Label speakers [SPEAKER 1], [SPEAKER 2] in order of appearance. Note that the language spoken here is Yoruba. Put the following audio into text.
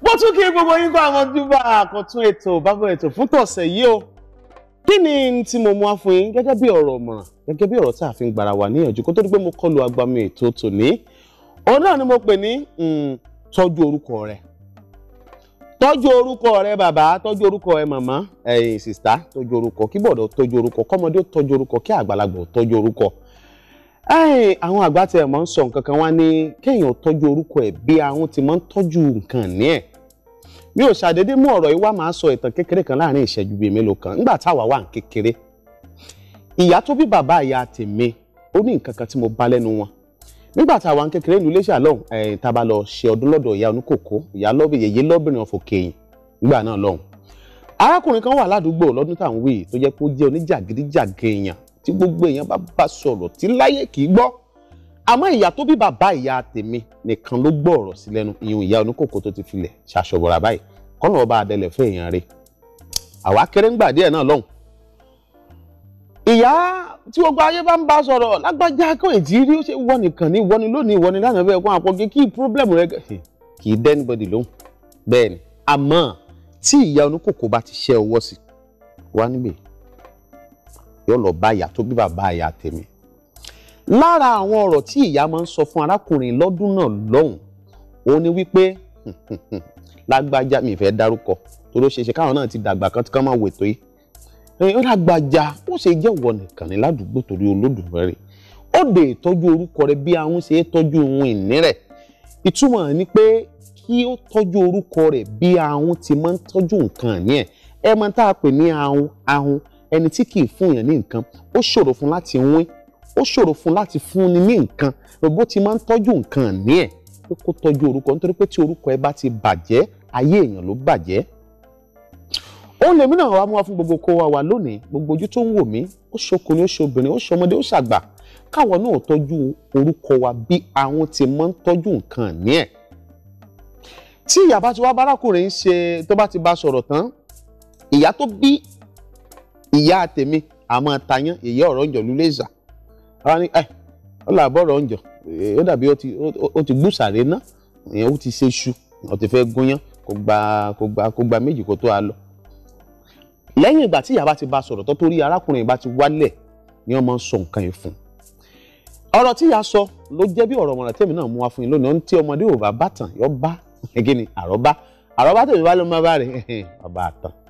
[SPEAKER 1] bó tún kí gbogbo yín kó àwọn júbà àkọ́tún ètò bábọ̀ ètò fún tọ̀sẹ̀ yìí o kí ni tí mo mú wá fún yín gẹ́gẹ́ bí ọ̀rọ̀ ọ̀mọ̀ràn gẹ́gẹ́ bí ọ̀rọ̀ tá a fi ń gbara wa níyànjú kó tó di pé mo kọlu agbami ètò tòní òun náà ni mo pè ní mm, tọ́jú orúkọ rẹ tọ́jú orúkọ rẹ bàbá tọ́jú orúkọ ẹ màmá ẹ̀yin sìstá tọ́jú orúkọ kí bọ̀dọ̀ tọ́jú orúkọ kọ́mọdé tọ́jú orúkọ kí àgbàlagbà tọ́jú orúkọ àwọn àgbà tí ẹ mọ̀ ń sọ nǹkan kan wá ní kéèyàn tọ́jú orúkọ ẹ̀ bí àwọn ti mọ̀ ń tọ́jú nǹkan ní ẹ̀ mi ò ṣàdédé mú ọ̀rọ̀ yìí wá máa sọ ìtàn kékeré kan láàrin ìṣẹ́jú bíi mélòó kan nígbà táwa wà ń kékeré ìyá tó bí bàbá ìyá tèmi ó ní nǹkan kan tí mo bá lẹ́nu wọn nígbà táwa ń kékeré ìlú Iléṣà lọ́hùn ẹ̀yìn tá a bá lọ ṣe ọdún lọ́dọ̀ ìyá oníkòkó ìyá lọ́bìn yèyé lọ́bìnrin ọ̀fọ̀kẹ́yìn nígbà náà lọ́hùn arákùnrin kan wà ládùúgbò lọ́dún táwọn wí tó jẹ́ pé ó jẹ́ oníjàgídíjàgẹ̀ èèyàn tí gbogbo èèyàn bá bá sọ̀rọ̀ tí láyé kì í gbọ́ àmọ́ ìyá tó bí bàbá ìyá tèmi nìkan ló gbọ́ ọ̀rọ̀ sí lẹ́nu ìyún ìyá oníkòkò tó ti filẹ̀ ṣàṣọ̀bọ̀rà báyìí kọ́nà ọba adẹlẹ̀ fún èèyàn rẹ̀ àwa kéré ń gbà díẹ̀ náà lọ́hùn. ìyá tí gbogbo ayé bá ń bá sọ̀rọ̀ lágbájá kò èjì rí ó ṣe wọ́ nìkan ní wọ́ni lónìí wọ́ni lánàá bẹ́ẹ̀ kó àpọ̀gẹ́ problem rẹ kì í dẹ́ anybody lóhùn bẹ́ẹ̀ ni àmọ́ tí ìyá oníkòkò bá yóò lọ bá ìyá tó bí bàbá ìyá tèmi lára àwọn ọ̀rọ̀ tí ìyá máa ń sọ fún arákùnrin lọ́dún náà lọ́hùn òun ni wípé lágbájá mi fẹ́ dárúkọ tó ló ṣe ṣe káwọn náà ti dàgbà kan tí kán máa wò ètò yìí ó lágbájá bó ṣe jẹ́ ìwọ nìkan ní ládùúgbò torí olódùmarè ó dè tọ́jú orúkọ rẹ bí àwọn ṣe é tọ́jú ohun ìní rẹ̀ ìtumọ̀ ni pé kí ó tọ́jú orúkọ rẹ̀ bí àwọn ti máa ń tọ́jú nǹkan ní ẹ̀ ẹ máa tá pè ní ahun ahun ẹni tí kì í fún èèyàn ní nǹkan ó ṣòro fún láti wín ó ṣòro fún láti fúnni ní nǹkan bó ti máa ń tọ́jú nǹkan ní ẹ̀ pé kó tọ́jú orúkọ nítorí pé tí orúkọ ẹ bá ti bàjẹ́ ayé èèyàn ló bàjẹ́. òun lèmi náà wá mú wa fún gbogbo kó wa wà lónìí gbogbo ojú tó ń wò mí ó ṣokùnrin ó ṣobìnrin ó ṣọmọdé ó ṣàgbà káwọn náà tọ́jú orúkọ wa bí àwọn ti máa ń tọ́jú nǹkan ní ẹ̀. tí ìyá bá ti wá bárakùnrin ṣe tó bá ti bá sọ̀rọ̀ tán ìyá tó bí ìyá tèmi àmọ́ tayán ìyá ọ̀rọ̀ ń jọ lulẹ̀ ìsà àwa ni ẹ eh, ọ là bọ̀ ọ̀rọ̀ ń jọ eh, ó dàbí ó ti gbúsàrè ná ó ti ṣe ṣu ó ti fẹ́ gúnyán kó gba kó gba kó gba méjì kó tó a lọ. lẹ́yìn ìgbà tí ìyá bá ti bá sọ̀rọ̀ tó torí arákùnrin bá ti wálẹ̀ ni wọ́n máa ń sọ nǹkan yìí fún un. ọ̀rọ̀ tí ìyá sọ ló jẹ́ bí ọ̀rọ̀ mọ̀ràn tèmi náà mú wa fún yín lónìí ó ń tí ọmọdé ò bàtàn yọ bá ẹgẹ́ àrọ́bá àrọ́bá tèmi bá ló máa bá rẹ̀ bàbá àtàn